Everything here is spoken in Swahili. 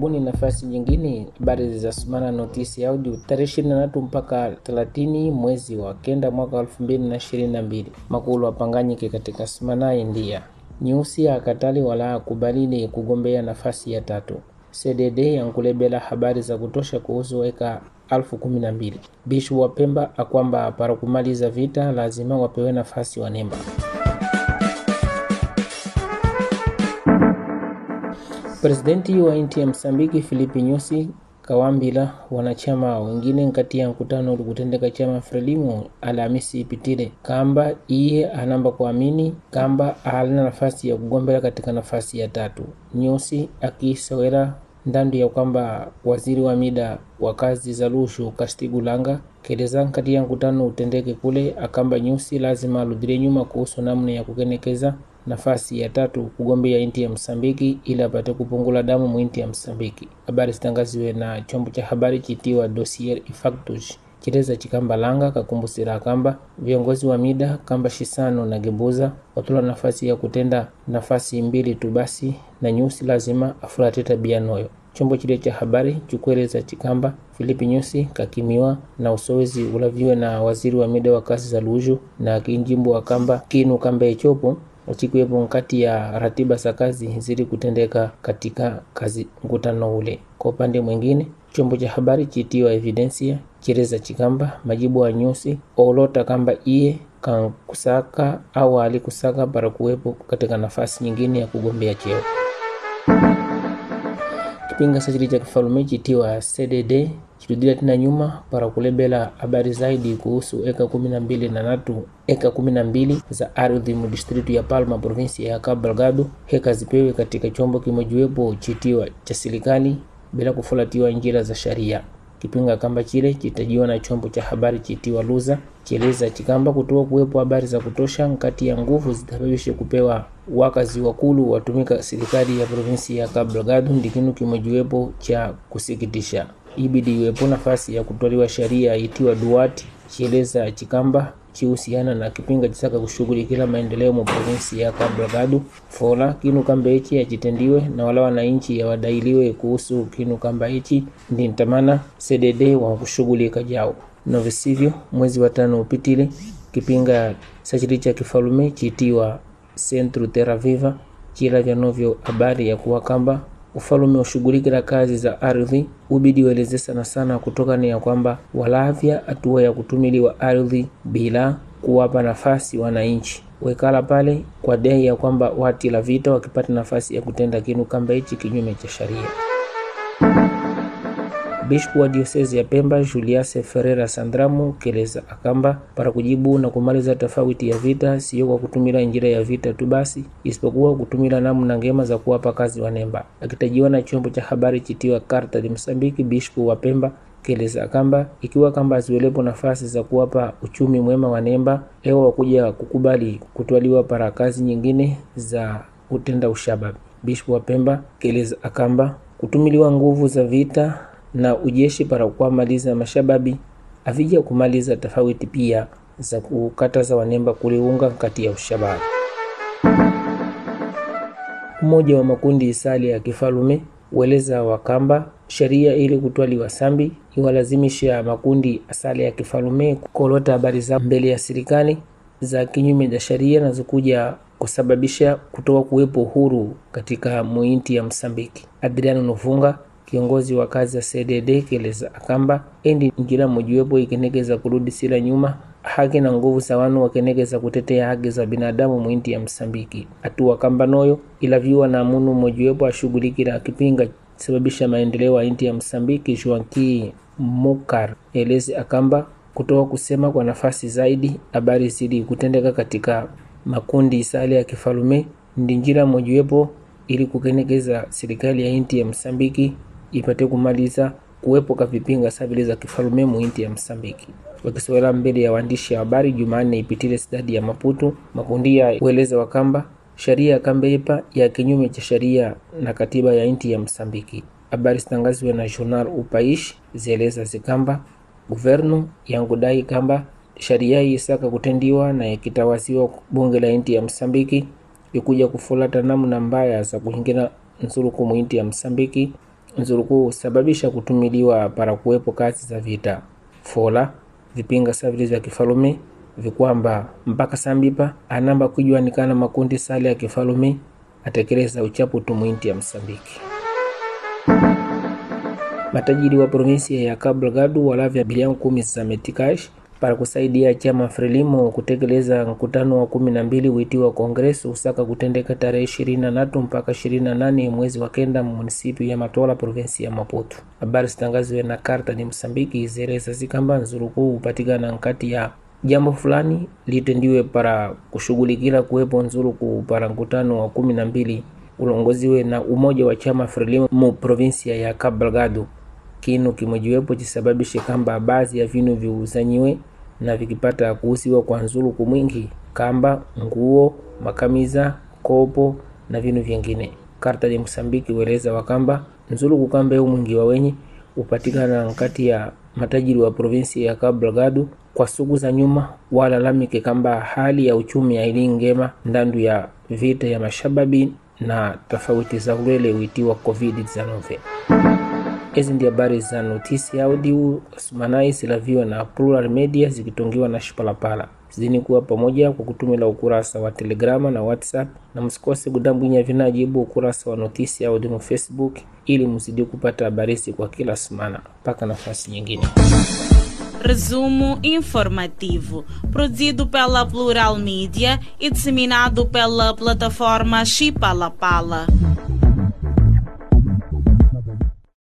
karibuni nafasi nyingine. Habari za Sumana Notisi Audio tarehe 23 mpaka 30 mwezi wa kenda mwaka 2022. Makulu apanganyike katika Sumana India. Nyeusi akatali wala akubalili kugombea nafasi ya tatu. CDD yankulebela habari za kutosha kuhusu weka elfu mbili. Bishu wa Pemba akwamba para kumaliza vita lazima wapewe nafasi wanemba. Presidenti wa nchi ya Msambiki Filipe Nyusi Kawambila wanachama wengine nkati ya nkutano ulikutendeka chama Frelimo Alhamisi ipitile kamba iye anamba kuamini kamba alina nafasi ya kugombela katika nafasi ya tatu. Nyusi akisowera ndandu ya kwamba waziri wa mida wa kazi za lushu Kastigulanga keleza nkati ya mkutano utendeke kule akamba Nyusi lazima aludhire nyuma kuhusu namna ya kukenekeza nafasi ya tatu kugombea inti ya Msambiki ili apate kupungula damu inti ya Msambiki. Habari zitangaziwe na chombo cha habari chitiwa Dossier Ifactus chiteza langa kakumbusira kamba viongozi wa mida kamba shisano na gebuza watula nafasi ya kutenda nafasi mbili tu basi na nyusi lazima afurate tabia noyo chombo chile cha habari chikueleza chikamba Filipi Nyusi kakimiwa na usowezi ulaviwe na waziri wa mida wa kazi za luju na kinjimbo wa kamba kinu kamba echopo achikuwepo nkati ya ratiba za kazi zili kutendeka katika kazi mkutano ule. Kwa upande mwingine, chombo cha habari chitiwa evidencia chireza chikamba majibu a nyusi olota kamba iye kankusaka au alikusaka para kuwepo katika nafasi nyingine ya kugombea cheo kupinga siri cha kifalme chitiwa CDD chirudila tena nyuma para kulebela habari zaidi kuhusu eka kumi na mbili na natu eka kumi na mbili za ardhi mudistritu ya Palma provinsi ya Cabo Delgado heka zipewe katika chombo kimojiwepo chitiwa cha serikali bila kufuatiwa njira za sharia. Kipinga kamba chile chitajiwa na chombo cha habari chitiwa Luza chieleza chikamba kutoa kuwepo habari za kutosha nkati ya nguvu zitababishe kupewa wakazi wakulu watumika serikali ya provinsi ya Cabo Delgado, ndikinu kimojiwepo cha kusikitisha ibidi iwepo nafasi ya kutwaliwa sheria itiwa duati chieleza chikamba chihusiana na kipinga chisaka kushughulikila maendeleo mu provinsi ya Kabagadu fola kinu kamba ichi yachitendiwe na wala wananchi yawadailiwe kuhusu kinu kamba ichi ndi ntamana CDD wa kushughulika jao novisivyo mwezi wa tano upitile kipinga sachili cha kifalume chitiwa Centro Terra Viva chila vyanovyo habari ya kuwa kamba Ufalume ushughulike na kazi za ardhi, ubidi weleze sana sana, kutokana ya kwamba walavya hatua ya kutumiliwa ardhi bila kuwapa nafasi wananchi wekala pale kwa dai ya kwamba watila la vita wakipata nafasi ya kutenda kinu kamba hichi kinyume cha sharia. Bishop wa diocese ya Pemba Julius Ferreira Sandramu keleza akamba para kujibu na kumaliza tofauti ya vita siyo kwa kutumila njira ya vita tu basi, isipokuwa kutumila namna ngema za kuwapa kazi wanemba. Akitajiwa na chombo cha habari chitiwa karta de Msambiki, Bishop wa Pemba keleza akamba ikiwa kamba ziwelepo nafasi za kuwapa uchumi mwema wanemba, ewa wakuja kukubali kutwaliwa para kazi nyingine za utenda ushababi. Bishop wa Pemba keleza akamba kutumiliwa nguvu za vita na ujeshi para kuwamaliza mashababi avija kumaliza tofauti pia za kukataza wanemba kuliunga kati ya ushababi. Mmoja wa makundi isali ya kifalume weleza wakamba sheria ili kutwaliwa sambi iwalazimisha makundi asali ya kifalume kukolota habari za mbele ya serikali za kinyume za sheria nazokuja kusababisha kutoa kuwepo huru katika muinti ya Msambiki. Adriano nufunga kiongozi wa kazi ya CDD keleza akamba endi njira mojiwepo ikenekeza kurudi sila nyuma haki na nguvu za wanu wakenekeza kutetea haki za binadamu mwinti ya msambiki atuwa kamba noyo ilaviwa na munu mojiwepo ashughulikila akipinga sababisha maendeleo ya inti ya msambiki Joaquim Mukar elezi akamba kutoa kusema kwa nafasi zaidi habari zidi kutendeka katika makundi isali ya kifalume ndi njira mojiwepo ili kukenekeza serikali ya inti ya Msambiki ipate kumaliza kuwepo kwa vipinga sabili za kifalume muinti ya Msambiki. Wakisoela mbele ya waandishi ya habari Jumanne ipitile sidadi ya Maputu makundi ya ueleza wa kamba sharia ya Kambepa ya kinyume cha sharia na katiba ya inti ya Msambiki. Habari zitangaziwe na Journal Upaish zieleza zikamba guvernu yangudai kamba sharia isaka kutendiwa na ikitawasiwa bunge la inti ya Msambiki ikuja kufulata namna mbaya za kuhingina kumu inti ya Msambiki zilikuwa husababisha kutumiliwa para kuwepo kazi za vita fola vipinga savili vya kifalume vikwamba mpaka sambipa anamba kujuanikana makundi sale ya kifalume atekeleza uchapu tumwinti ya Msambiki matajiri wa provinsia ya Cabo Delgado walavya bilioni kumi za metikash para kusaidia chama Frelimo kutekeleza mkutano wa kumi na mbili witiwa usaka kutendeka tarehe ishirini na tatu mpaka ishirini na nane mwezi wa kenda munisipi ya Matola provinsi ya Maputo. Habari zitangaziwe na karta ni Msambiki zereza zikamba nzurukuu hupatikana nkati ya jambo fulani litendiwe para kushughulikia kuwepo ku para mkutano wa kumi na mbili ulongoziwe na umoja wa chama Frelimo mu provinsia ya Cabo Delgado kinu kimojiwepo chisababishe kamba baadhi ya vinu viuzanyiwe na vikipata kuhusiwa kwa nzuluku mwingi kamba nguo makamiza kopo na vinu vyengine karta ya msambiki weleza wakamba nzuluku kamba eu mwingi wa wenye upatikana nkati ya matajiri wa provinsi ya Cabo kwa suku za nyuma walalamike kamba hali ya uchumi aili ngema ndandu ya vita ya mashababi na tofauti za ulwele uitiwa COVID-19. Hizi ndio habari za Notisi Audio zinazoislaviwa na Plural Media zikitongiwa na Shipalapala. zini kuwa pamoja kwa kutumila ukurasa wa Telegrama na WhatsApp, na msikose kudambwinya vinajibu ukurasa wa Notisi Audio mu Facebook ili mzidi kupata habarizi kwa kila sumana. Mpaka nafasi nyingine. Resumo informativo, produzido pela Plural Media e disseminado pela plataforma Pala.